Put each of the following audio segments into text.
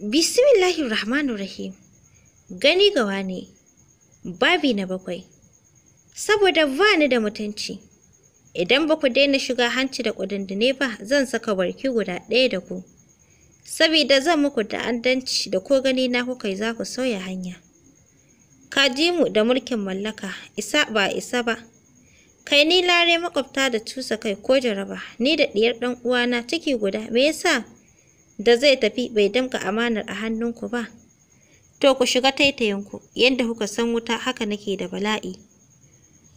Bismillahir Rahmanir Rahim. Gani gawa ne, babi na bakwai. Saboda ba ni da mutunci, idan ba ku daina shiga hanci da kudindine ba zan saka barki guda ɗaya da ku. Saboda zan muku ta'addanci da ko gani na kuka za ku sauya hanya. Ka ji mu da mulkin mallaka, isa ba isa ba. Kai ni lare makwabta da tusa kai ko jaraba, ni da ɗiyar ɗan uwana ciki guda, me yasa? da zai tafi bai damka amanar a hannunku ba. To ku shiga taitayinku, yadda kuka san wuta haka nake da bala'i.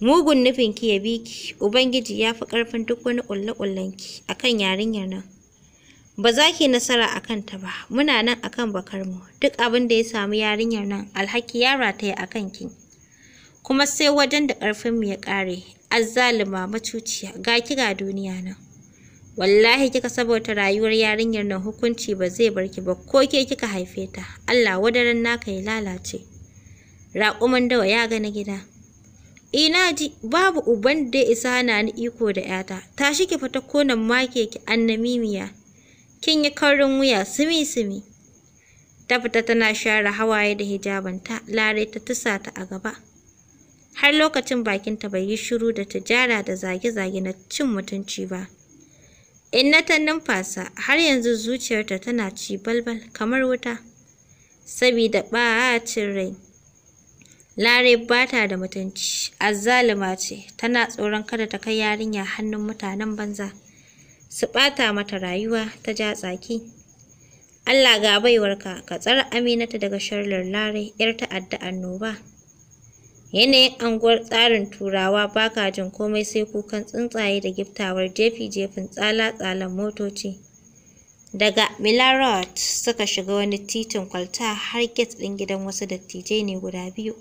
Mugun nufinki ya bi ki, Ubangiji ya fi ƙarfin duk wani ƙulle-ƙullenki a kan yarinyar nan. Ba za ki nasara a kanta ba, muna nan a kan bakarmu, duk abin da ya samu yarinyar nan alhaki ya rataya a kan ki. Kuma sai wajen da ƙarfinmu ya ƙare, azzalima macuciya, ga ki ga duniya nan. wallahi kika saboda rayuwar yarinyar nan hukunci ba zai bar ki ba ko ke kika haife ta Allah wadaran naka ya lalace raƙuman dawa ya ga na gida ina ji babu uban da isa na ni iko da yata tashi ki fita konan make ki annamimiya kin yi kaurin wuya sumi sumi ta fita tana share hawaye da hijabanta lare ta tusa ta a gaba har lokacin bakinta bai yi shiru da tijara da zage-zage na cin mutunci ba Inna ta numfasa, har yanzu zuciyarta tana ci balbal kamar wuta, saboda ɓacin rai. Lare ba ta da mutunci, azzaluma ce, tana tsoron kada ta kai yarinya hannun mutanen banza, su ɓata mata rayuwa ta ja tsaki. Allah ga baiwarka, ka tsare aminata daga Sharlar Lare, ‘yar ta'adda annoba. Yanayin anguwar tsarin Turawa ba ka jin komai sai kukan tsuntsaye da giftawar jefi-jefin tsala-tsalan motoci. Daga Miller suka shiga wani titin kwalta har gate ɗin gidan wasu dattijai ne guda biyu.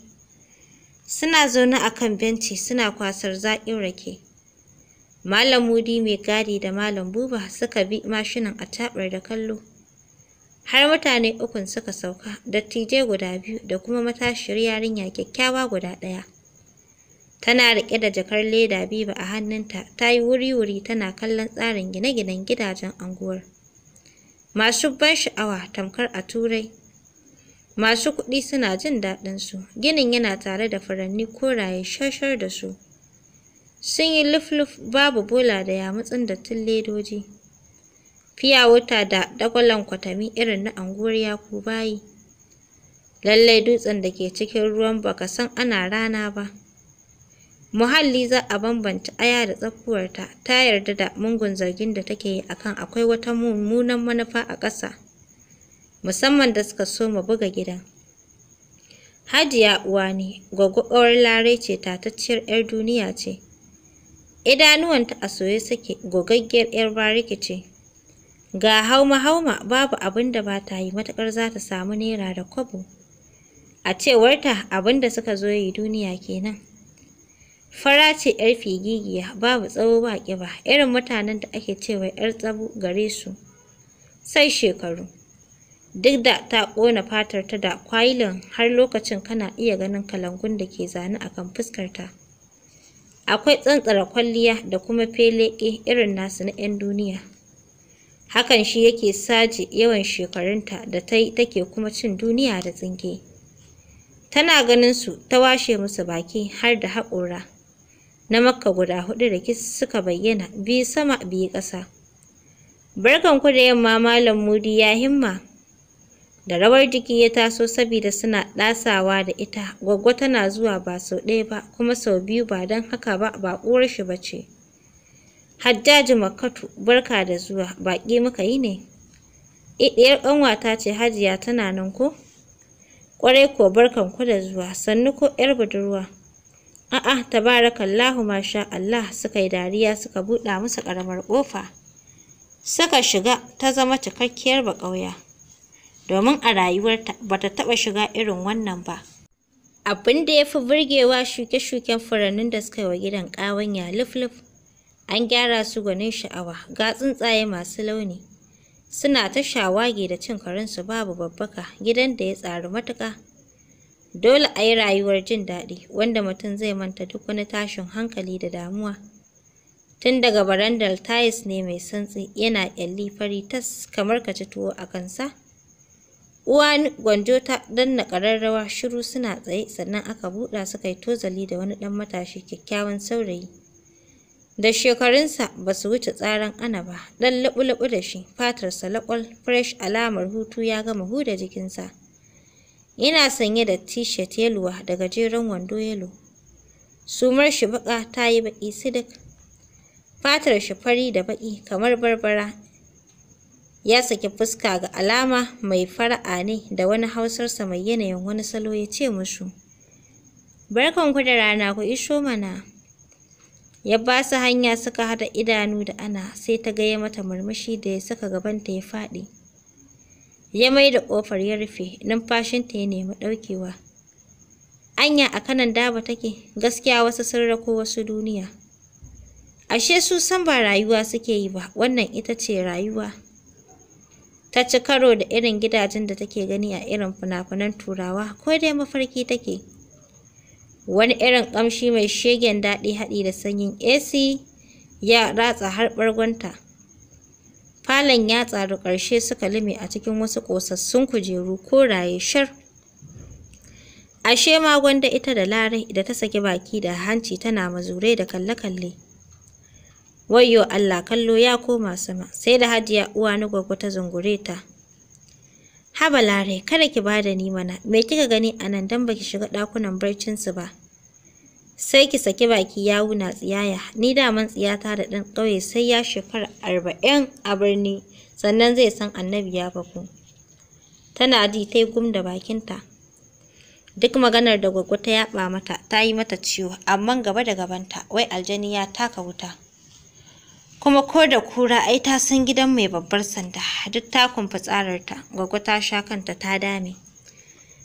Suna zaune a kan benci suna kwasar zaƙin rake. Malam Mudi mai gadi da Malam Buba suka bi mashinan a taɓar da kallo. har mutane ukun suka sauka dattijai guda biyu da kuma matashiyar yarinya kyakkyawa guda ɗaya tana riƙe da jakar leda biba a hannunta ta yi wuri-wuri tana kallon tsarin gine-ginen gidajen anguwar masu ban sha'awa tamkar a turai masu kuɗi suna jin daɗin su. ginin yana tare da furanni koraye shashar da su sun yi lufluf luf babu bola da yamutsin dattin ledoji fiya wuta da dagwalon kwatami irin na anguwar yakubayi lallai dutsen da ke cikin ruwan baka san ana rana ba muhalli za a bambanta aya da tsakuwarta ta yarda da mungun zargin da take yi akan akwai wata mummunan manufa a ƙasa musamman da suka so mu buga gidan hajiya uwa ne gwaggwaɓar larai ce tatacciyar 'yar duniya ce idanuwanta a soye suke gogaggiyar 'yar bariki ce Ga hauma-hauma babu abin da ba ta yi matuƙar za ta samu naira da kwabo. A cewarta abin da suka zo yi duniya kenan. Fara ce 'yar figigiya babu tsawo ba ƙiba irin mutanen da ake cewa 'yar tsabo gare su. Sai shekaru. Duk da ta ƙona fatar ta da kwailin har lokacin kana iya ganin kalangun da ke zane a kan fuskarta. Akwai tsantsara kwalliya da kuma feleƙe irin nasu na 'yan duniya. hakan shi yake saje yawan shekarunta da ta yi take kuma cin duniya da tsinke tana ganin su ta washe musu baki har da haƙora na makka guda hudu da kis suka bayyana biyu sama biyu ƙasa ku da yamma malam mudi ya himma da rawar jiki ya taso saboda suna ɗasawa da ita gwaggwa tana zuwa ba sau ɗaya ba kuma sau biyu ba don haka ba ba ƙuwar shi ba ce Hajjaji Makkatu, barka da zuwa, baƙi muka yi ne? Eh, ɗiyar ƙanwata ce Hajiya tana nan ko? Ƙwarai ko barkan ku da zuwa, sannu ko ‘yar budurwa? A'a, tabarakallahu masha Allah suka yi dariya suka buɗa musu ƙaramar ƙofa. Suka shiga ta zama cikakkiyar baƙauya. Domin a rayuwarta ba ta taɓa shiga irin wannan ba. Abin da ya fi burgewa shuke-shuken furannin da suka yi wa gidan ƙawanya luf-luf. An gyara su gwanin sha'awa, ga tsuntsaye masu launi. Suna ta shawagi da cin karensu babu babbaka, gidan da ya tsari matuka. Dole a yi rayuwar jin daɗi, wanda mutum zai manta duk wani tashin hankali da damuwa. Tun daga barandal tayis ne mai santsi, yana ƙyalli fari tas kamar ka ci tuwo a kansa. Uwa gwanjo ta danna ƙararrawa shiru suna tsaye sannan aka buɗa suka yi tozali da wani ɗan matashi kyakkyawan saurayi. da shekarunsa ba su wuce tsaran ana ba ɗan laɓu-laɓu da shi fatarsa laƙwal fresh alamar hutu ya gama huda jikinsa yana sanye da t-shirt yeluwa da gajeren wando yelo sumar shi baƙa ta yi baƙi sidik fatar shi fari da baƙi kamar barbara ya saki fuska ga alama mai fara'a ne da wani hausarsa mai yanayin wani salo ya ce musu barkanku da rana ku iso mana ya ba su hanya suka haɗa idanu da ana sai ta gaya mata murmushi da ya saka gabanta ya faɗi ya mai da ƙofar ya rufe numfashinta ya nemi ɗaukewa anya a kanan daba take gaskiya wasu sun rako wasu duniya ashe su san ba rayuwa suke yi ba wannan ita ce rayuwa ta ci karo da irin gidajen da take gani a irin fina-finan turawa ko dai mafarki take wani irin ƙamshi mai shegen daɗi haɗi da sanyin AC ya ratsa har ɓargonta. Falon ya tsaru ƙarshe suka lume a cikin wasu ƙosassun kujeru ko raye shar. Ashe ma gwanda ita da Larai da ta saki baki da hanci tana mazurai da kalle-kalle. Wayyo Allah kallo ya koma sama sai da hajiya uwa na gwaggo ta zungure ta. Haba lare, kada ki bada ni mana, me kika gani a nan dan baki shiga ɗakunan barcinsu ba. Sai ki saki baki yawu na tsiyaya, ni daman tsiyata da ɗan ƙauye sai ya shekara arba'in a birni, sannan zai san annabi ya faku. Tana ji ta yi gum da bakinta. Duk maganar da gwaggo ta yaɓa mata ta yi mata ciwo, amma gaba da gabanta, wai aljani ya taka wuta. kuma ko da kura ai ta san gidan mai babbar sanda duk ta kumfa tsararta gwaggo ta sha kanta ta dame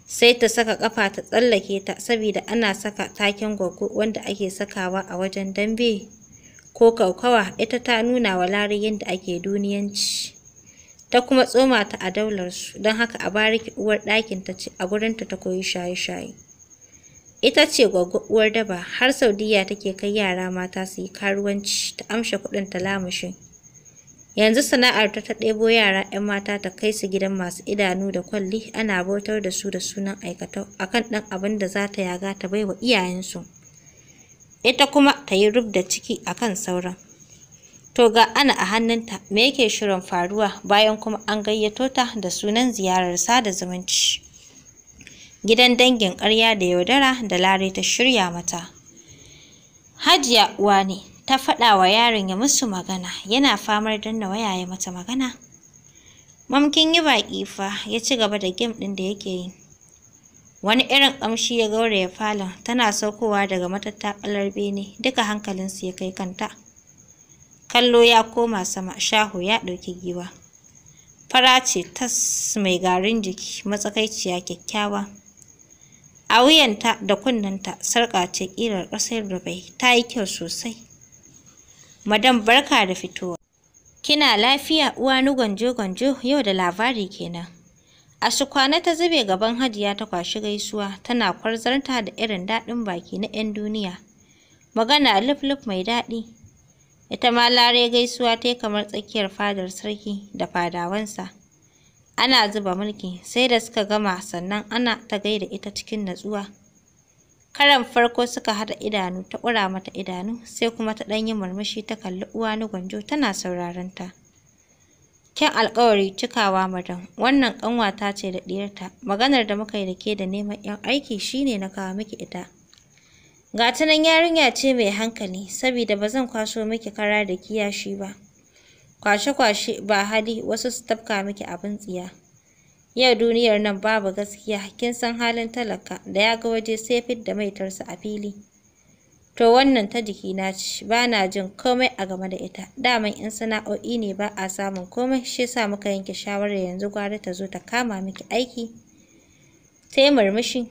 sai ta saka kafa ta tsallake ta saboda ana saka takin gwaggo wanda ake sakawa a wajen dambe ko kaukawa ita ta nuna wa lari yadda ake duniyanci ta kuma tsoma ta a su, don haka a bariki uwar ɗakin ta ce a gurinta ta koyi shaye-shaye ita ce uwar daba har saudiya take kai yara mata su yi karuwanci ta amshe kuɗin ta yanzu sana'ar ta ɗebo yara 'yan mata ta kai su gidan masu idanu da kwalli ana bautar da su da sunan aikatau akan ɗan abin da za ta yaga ta baiwa iyayensu ita kuma ta yi rub da ciki kan sauran to ga ana a hannunta me yake shirin faruwa bayan kuma an gayyato ta da sunan ziyarar sada zumunci gidan dangin ƙarya da yaudara da Lare ta shirya mata. Hajiya uwa ne ta faɗa wa yaron ya musu magana yana famar danna waya ya mata magana. Mamkin yi baƙi fa ya ci gaba da gem ɗin da yake yi. Wani irin ƙamshi ya gauraya falon tana saukowa daga matattakalar bene duka hankalinsu ya kai kanta. Kallo ya koma sama shaho ya ɗauki giwa. Fara ce tas mai garin jiki matsakaiciya kyakkyawa. A wuyanta da kunnenta sarƙa ce ƙirar ƙasar Dubai ta yi kyau sosai. Madam barka da fitowa. Kina lafiya uwa ni gwanjo-gwanjo yau da labari kenan. A su kwana ta zube gaban Hajiya ta kwashi gaisuwa tana kwarzarta da irin daɗin baki na 'yan duniya. Magana lufluf luf mai daɗi. Ita ma lare gaisuwa ta yi kamar tsakiyar fadar sarki da fadawansa. ana zuba mulki sai da suka gama sannan ana ta gaida ita cikin natsuwa karan farko suka haɗa idanu ta ƙura mata idanu sai kuma ta ɗan yi murmushi ta kalli uwa na gwanjo tana sauraron ta kyan alƙawari cikawa madam wannan ƙanwata ce da ɗiyarta maganar da muka yi da ke da neman 'yan aiki shine na kawo miki ita ga ta nan yarinya ce mai hankali saboda ba zan kwaso miki kara da kiyashi ba kwashe-kwashe ba hali wasu su tafka miki abin tsiya yau duniyar nan babu gaskiya kin san halin talaka da ya ga waje sai da maitarsa a fili to wannan ta jiki na ce ba na jin komai a game da ita daman in sana'o'i ne ba a samun komai shi yasa muka yanke shawarar yanzu gwara ta zo ta kama miki aiki ta yi murmushi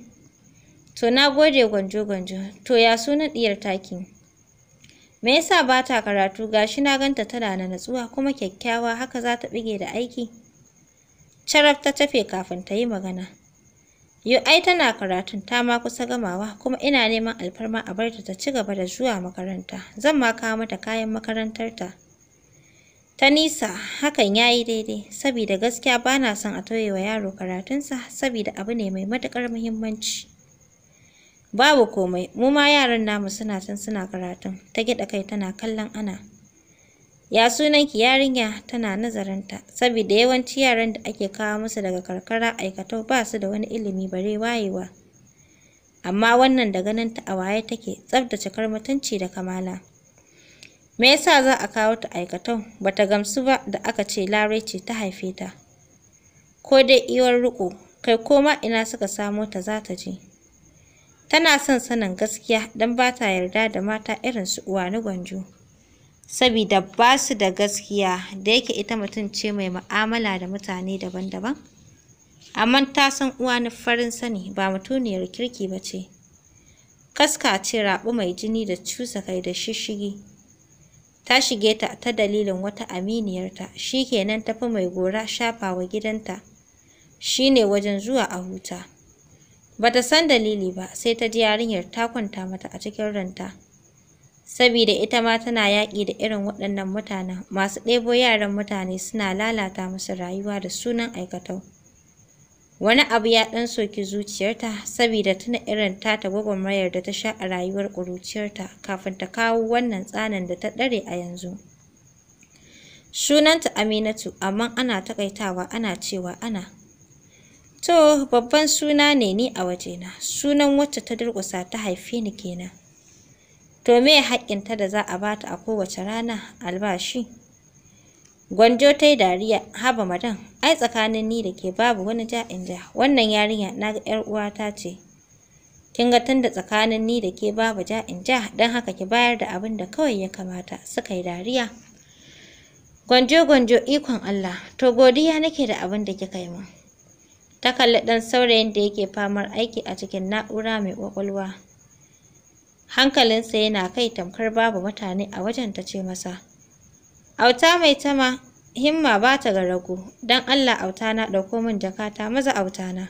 to na gode gwanjo-gwanjo to ya sunan diyar taki Me yasa ba ta karatu gashi na ganta tana da natsuwa kuma kyakkyawa haka za ta bige da aiki. Charaf ta tafe kafin ta yi magana. Yo ai tana karatun ta ma kusa gamawa kuma ina neman alfarma a barta ta ci gaba da zuwa makaranta. Zan ma kawo mata kayan makarantar Ta nisa hakan ya yi daidai saboda gaskiya ba na son a tauye wa yaro karatunsa saboda abu ne mai matuƙar muhimmanci. Babu komai, mu ma yaran namu suna can suna karatun. Ta gida kai tana kallon ana. Ya sunanki yarinya tana nazarinta, saboda yawanci yaran da ake kawo musu daga karkara aikatau ba su da wani ilimi bare wayewa. Amma wannan da ganin ta a waye take, tsaf da cikar mutunci da kamala. Me yasa za a kawo ta aikatau? Bata gamsu ba da aka ce Larai ce ta haife ta. Ko dai iwar riko kai ko ma ina suka samo ta za ta je. Tana son sanin gaskiya don ba ta yarda da mata irin su Uwani Gwanjo. Sabida ba su da gaskiya da yake ita mutum ce mai ma'amala da mutane daban-daban. Amma ta san Uwani farin sani ba mutuniyar kirki ba ce. Kaska ce raɓu mai jini da cusa kai da shishigi. Ta shige ta ta dalilin wata aminiyarta shi kenan tafi mai gora shafawa gidanta. shi ne wajen zuwa a huta. Bata san dalili ba sai ta ji yarinyar ta kwanta mata a cikin ranta. Sabida ita ma tana yaƙi da irin waɗannan mutanen masu ɗebo yaran mutane suna lalata musu rayuwa da sunan aikatau. Wani abu ya ɗan soki zuciyarta sabida tuna irin ta ta gwagwarmayar da ta sha a rayuwar ƙuruciyarta kafin ta kawo wannan tsanin da ta ɗare a yanzu. Sunanta Aminatu, amma ana taƙaitawa ana cewa Ana. To babban suna ne ni a wajena, sunan wacce ta durƙusa ta haife ni kenan. To me haƙƙinta da za a bata a kowace rana albashi? Gwanjo ta yi dariya, haba madan, ai tsakanin ni da ke babu wani ja in ja, wannan yarinya na ga ‘yar uwata ce. Kin ga tunda tsakanin ni da ke babu ja in ja, don haka ki bayar da abin da kawai ya kamata, suka yi dariya. Gwanjo-gwanjo ikon Allah, to godiya nake da abin da kika yi min. ta kalli ɗan saurayin da yake famar aiki a cikin na'ura mai ƙwaƙwalwa hankalinsa yana kai tamkar babu mutane a wajen ta ce masa auta mai tama himma ba ta ga rago don allah auta na ɗauko min jakata maza auta na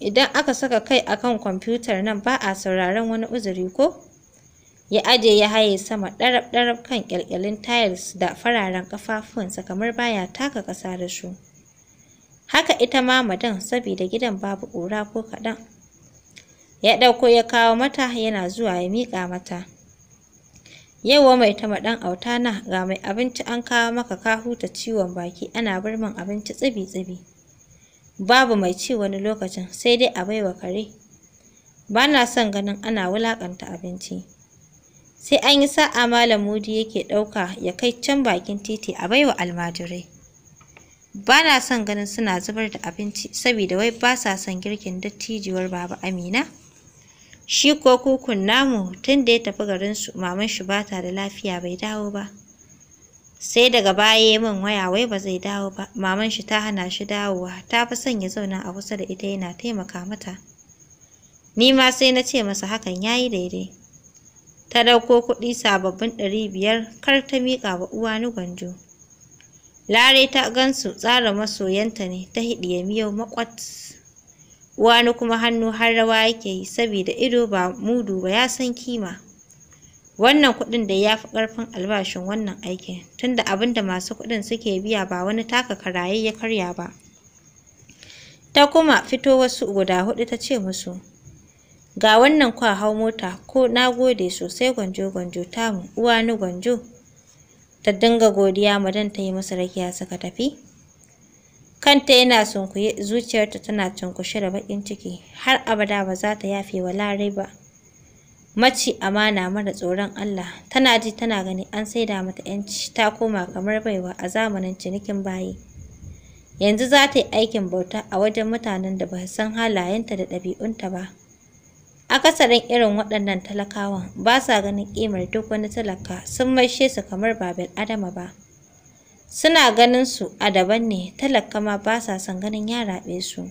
idan aka saka kai a kan kwamfutar nan ba a sauraron wani uzuri ko ya aje ya haye sama ɗarab-ɗarab kan ƙyalƙyalin tayils da fararen ƙafafuwansa kamar baya taka ƙasa da su. haka ita ma madan saboda gidan babu ƙura ko kaɗan ya ɗauko ya kawo mata yana zuwa ya miƙa mata yauwa mai ta maɗan na, ga mai abinci an kawo maka ka huta ciwon baki ana bar min abinci tsibi-tsibi babu mai ci wani lokacin sai dai a baiwa kare ba na son ganin ana wulaƙanta abinci sai an yi sa'a malam mudi yake ɗauka ya kai can bakin titi a baiwa almajirai ba na son ganin suna zubar da abinci saboda wai ba sa son girkin dattijuwar baba amina shi ko kukun namu tun da ya tafi garinsu maman shi ba ta da lafiya bai dawo ba sai daga baya min waya wai ba zai dawo ba maman shi ta hana shi dawowa ta fi son ya zauna a kusa da ita yana taimaka mata ni ma sai na ce masa hakan ya yi daidai ta ɗauko kuɗi sababbin ɗari biyar kar ta miƙa wa uwa ni gwanjo Lare ta gansu tsara masoyanta ne ta hiɗiye miyau makwat. Wani kuma hannu har rawa yake yi saboda ido ba mudu ba ya san kima. Wannan kuɗin da ya fi ƙarfin albashin wannan aikin tunda abin da masu kuɗin suke biya ba wani taka karaye ya karya ba. Ta kuma fito wasu guda huɗu ta ce musu, Ga wannan kwa hau mota ko na gode sosai gwanjo-gwanjo tamu, uwa ni gwanjo. ta dinga godiya ma dan ta yi masa rakiya suka tafi kanta yana sunkuye zuciyarta tana cunkushe da bakin ciki har abada ba za ta yafe wa lare ba mace amana mara tsoron Allah tana ji tana gani an saida mata yanci ta koma kamar baiwa a zamanin cinikin bayi yanzu za ta yi aikin bauta a wajen mutanen da ba san halayenta da ɗabi'unta ba Akasarin irin waɗannan talakawan ba sa ganin ƙimar duk wani talaka sun maishe su kamar ba adama ba. Suna ganin su a daban ne talaka ma ba sa son ganin ya raɓe su.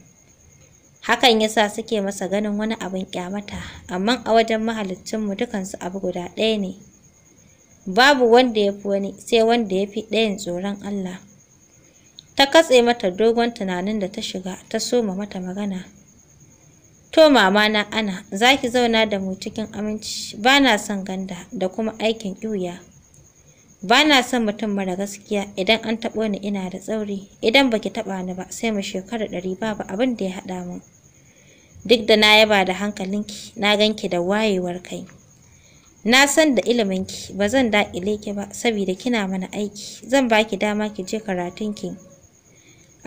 Hakan yasa suke masa ganin wani abin ƙyamata, amma a wajen mahaliccinmu dukansu abu guda ɗaya ne. Babu wanda ya fi wani sai wanda ya fi ɗayan tsoron Allah. Ta katse mata dogon tunanin da ta shiga ta soma mata magana. To mama na ana zaki zauna da mu cikin aminci ba na son ganda da kuma aikin ƙiwuya. Ba na son mutum mara gaskiya idan an taɓo ni ina da tsauri idan ba ki taɓa ni ba sai mu shekara ɗari babu abin da ya haɗa mu. Duk da na yaba da hankalinki na ganki da wayewar kai. Na san da iliminki ba zan daƙile ki ba saboda kina mana aiki zan baki dama ki je karatunki. ki.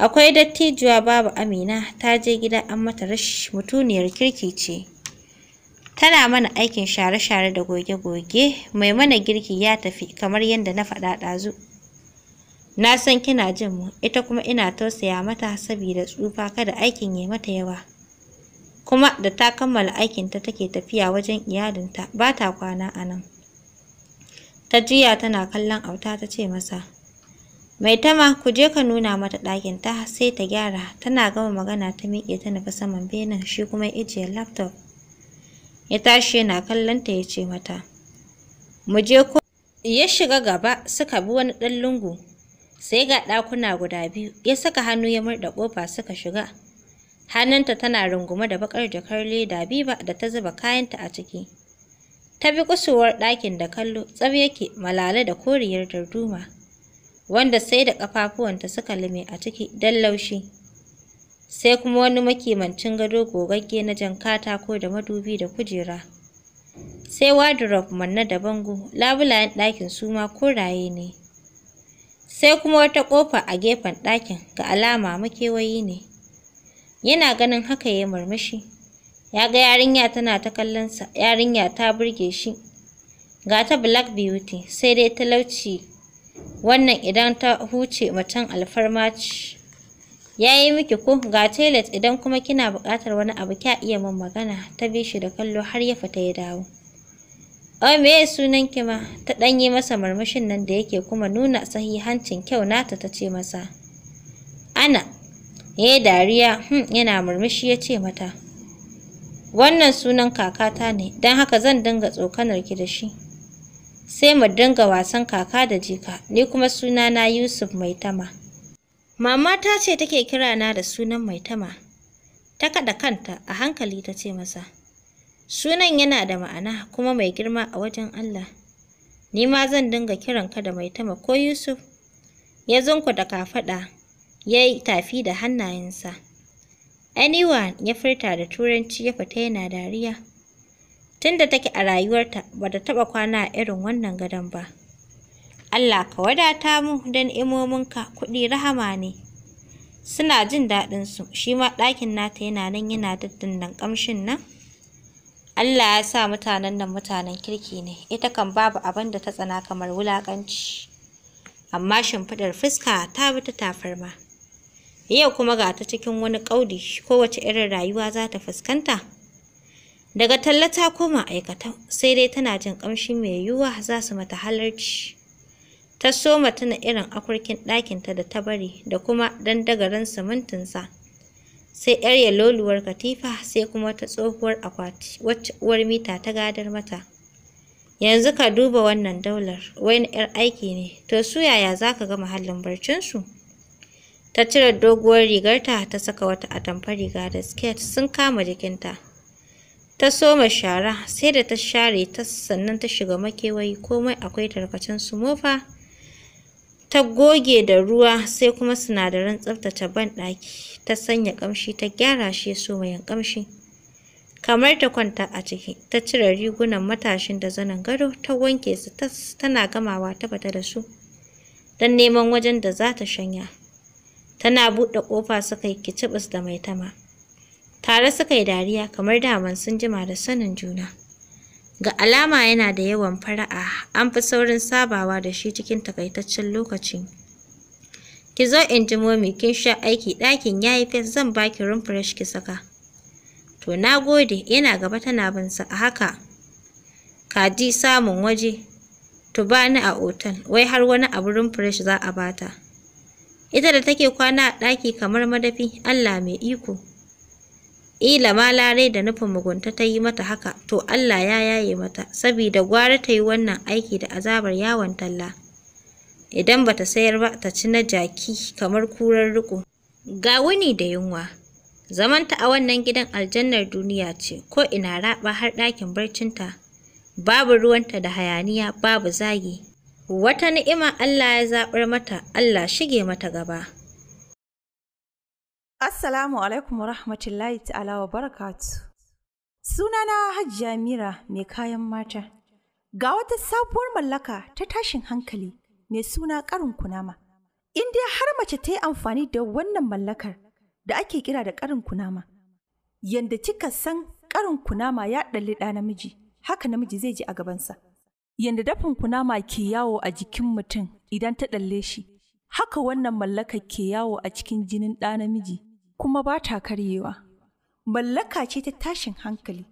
Akwai dattijuwa babu Amina ta je gida an mata rashi mutuniyar kirki ce. Tana mana aikin share-share da goge-goge, mai mana girki ya tafi kamar yadda na faɗa ɗazu. Na san kina jin mu, ita kuma ina tausaya mata saboda tsufa kada aikin ya mata yawa. Kuma da ta kammala aikinta take tafiya wajen iyalinta, ba ta kwana a nan. Ta juya tana kallon auta ta ce masa, Mai tama ku je ka nuna mata ɗakin ta sai ta gyara tana gama magana ta miƙe ta nufi saman benin shi kuma ya ijiye laptop. Ya tashi yana kallon ta ya ce mata mu je ko ya shiga gaba suka bi wani ɗan lungu sai ga ɗakuna guda biyu ya saka hannu ya murda ƙofa suka shiga. Hannunta tana rungume da baƙar jakar leda biba da ta zuba kayanta a ciki. Ta bi kusurwar ɗakin da kallo tsab yake malale da koriyar darduma. wanda sai da ƙafafuwanta suka lume a ciki don laushi. Sai kuma wani makimancin gado gogagge na jan katako da madubi da kujera. Sai wardrobe manna da bango, labulayen ɗakin su ma koraye ne. Sai kuma wata ƙofa a gefen ɗakin ga alama makewayi ne. Yana ganin haka ya murmushi. Ya ga yarinya tana ta kallonsa, yarinya ta burge shi. Ga ta Black Beauty, sai dai talauci wannan idan ta huce macen alfarma ce ya yi miki ko ga toilet idan kuma kina buƙatar wani abu kya iya min magana ta bi shi da kallo har ya fita ya dawo ai oh, me sunan ki ma ta ɗan yi masa murmushin nan da yake kuma nuna sahihancin kyau nata ta ce masa ana eh dariya hm yana murmushi ya ce mata wannan sunan kakata ne don haka zan dinga tsokanar ki da shi sai mu dinga wasan kaka da jika ni kuma sunana Yusuf Maitama mama ta ce take kira na da sunan Maitama ta kada kanta a hankali ta ce masa sunan yana da ma'ana kuma mai girma a wajen Allah ni ma zan dinga kiranka da Maitama ko Yusuf ya da kafaɗa ya yi tafi da hannayensa Anyone ya furta da turanci ya fita yana dariya Tunda take a rayuwarta bata ta taɓa kwana a irin wannan gadon ba. Allah ka wadata mu da imominka kuɗi rahama ne. Suna jin daɗinsu, shi ma ɗakin nata yana nan yana daddannan kamshin nan. Allah ya sa mutanen nan mutanen kirki ne, ita kan babu abin da ta tsana kamar wulaƙanci. Amma shimfiɗar fuska ta bi ta tafarma. Yau kuma ga ta cikin wani ƙaudi, kowace irin rayuwa za ta fuskanta. Daga talla ta koma aikata, sai dai tana jin ƙamshi mai yiwuwa za su mata halarci. Ta soma tana irin akurkin ɗakinta da ta bari da kuma dandagarin simintinsa. Sai ‘yar yaloluwar katifa sai kuma ta tsohuwar akwati wacce uwar mita ta gadar mata. Yanzu ka duba wannan daular, wai na ‘yar aiki ne, to su yaya za ka ga muhallin barcinsu? Ta cire doguwar rigarta ta saka wata atamfa riga da siket sun kama jikinta. ta soma shara sai da ta share ta sannan ta shiga makewayi komai akwai tarkacen su mofa ta goge da ruwa sai kuma sinadaran tsaftace banɗaki ta sanya ƙamshi ta gyara shi ya mai ƙamshi kamar ta kwanta a ciki ta cire rigunan matashin da zanen gado ta wanke su tas tana gamawa ta bata da su don neman wajen da za ta shanya tana buɗe ƙofa suka yi kicibis da mai tama. Tare suka yi dariya kamar daman sun jima da sanin juna. Ga alama yana da yawan fara'a, an fi saurin sabawa da shi cikin takaitaccen lokaci. Ki zo in ji momi kin sha aiki ɗakin ya yi fes zan ba ki rumfresh ki saka. To na gode yana gaba tana bin sa a haka. Ka ji samun waje. To ba ni a otal, wai har wani abu rumfresh za a bata. Ita da take kwana a ɗaki kamar madafi, Allah mai iko. ƙila ma larai da nufin mugunta ta yi mata haka to Allah ya yaye mata saboda gwara ta yi wannan aiki da azabar yawon talla idan ba ta sayar ba ta ci na jaki kamar kurar riƙo. ga wuni da yunwa zamanta a wannan gidan aljannar duniya ce ko ina raɓa har ɗakin barcinta babu ruwanta da hayaniya babu zagi wata ni'ima Allah ya zaɓar mata Allah shige mata gaba Assalamu alaikum wa rahmatullahi ta'ala wa barakatu. Sunana Hajiya Mira mai kayan mata. Ga wata sabuwar mallaka ta tashin hankali mai suna karin kunama. In dai har mace ta yi amfani da wannan mallakar da ake kira da karin kunama. Yanda kika san karin kunama ya ɗalli ɗa namiji, haka namiji zai ji a gabansa. Yanda dafin kunama ke yawo a jikin mutum idan ta ɗalle shi, haka wannan mallakar ke yawo a cikin jinin ɗa namiji kuma ba ta karyewa. Mallaka ce ta tashin hankali,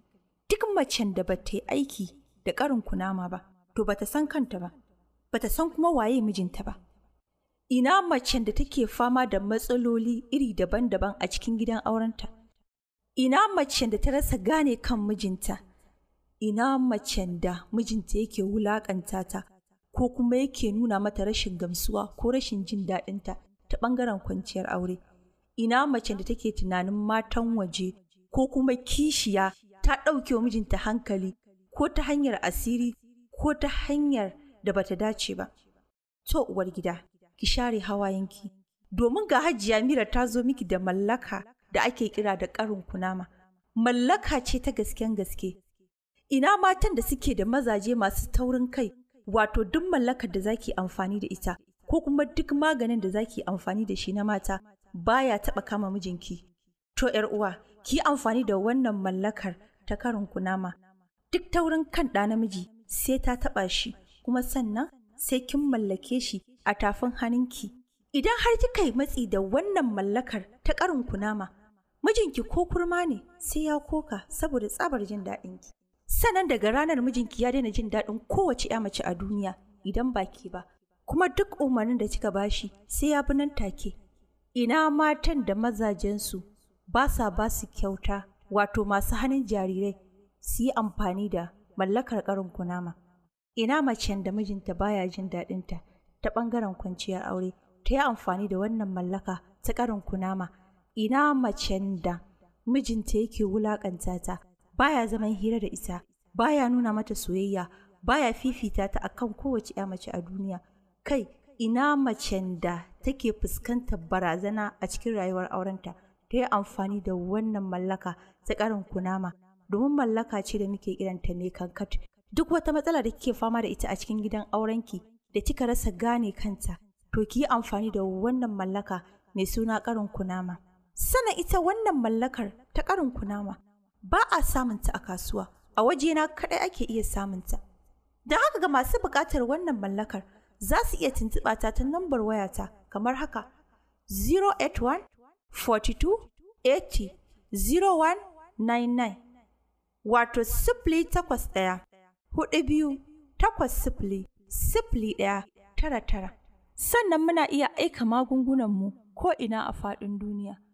duk macen da ba ta yi aiki da ƙarin kunama ba, to ba ta san kanta ba, ba ta san kuma waye mijinta ba. Ina macen da take fama da matsaloli iri daban-daban a cikin gidan aurenta? Ina macen da ta rasa gane kan mijinta? Ina macen da mijinta yake wulaƙanta ta ko kuma yake nuna mata rashin gamsuwa ko rashin jin daɗinta ta ɓangaren kwanciyar aure? ina mace da take tunanin matan waje ko kuma kishiya ta ɗauke wa mijinta hankali ko ta hanyar asiri ko ta hanyar da bata dace ba. To uwar gida, ki share hawayenki, domin ga hajiya mira ta zo miki da mallaka da ake kira da ƙarin kunama. Mallaka ce ta gasken gaske. Ina matan da suke da mazaje masu taurin kai, wato duk mallakar da zaki amfani da ita, ko kuma duk maganin da zaki amfani da shi na mata, baya taɓa kama mijinki. To ‘yar uwa, ki amfani da wannan mallakar ta karin kunama. Duk taurin kan ɗa namiji sai ta taɓa shi, kuma sannan sai kin mallake shi a tafin haninki. Idan har kika yi matsi da wannan mallakar ta karin kunama, mijinki ko kurma ne sai ya koka saboda tsabar jin daɗinki. Sannan daga ranar mijinki ya daina jin daɗin kowace ya mace a duniya idan baki ba, kuma duk umarnin da kika bashi sai ya bi nan take ina matan da mazajensu ba sa ba su kyauta wato masu hannun jarirai su yi amfani da mallakar karin kunama ina macen da mijinta baya jin daɗinta ta ɓangaren kwanciyar aure ta yi amfani da wannan mallaka ta karin kunama ina macen da mijinta yake wulakanta ta baya zaman hira da ita baya nuna mata soyayya baya fifita ta akan kowace ya mace a duniya kai ina macen da take fuskantar barazana a cikin rayuwar aurenta ta yi amfani da wannan mallaka ta karin kunama domin mallaka ce da muke kiranta ne kankat duk wata matsala da kike fama da ita a cikin gidan aurenki da kika rasa gane kanta to ki yi amfani da wannan mallaka mai suna karin kunama sana ita wannan mallakar ta karin kunama ba a samunta a kasuwa a waje wajena kaɗai ake iya samunta da haka ga masu bukatar wannan mallakar za su iya tuntuɓa ta ta lambar wayata kamar haka 081 42 80 0199 wato sifili takwas ɗaya hudu biyu takwas sifili sifili ɗaya tara tara sannan muna iya aika magungunanmu ko ina a faɗin duniya.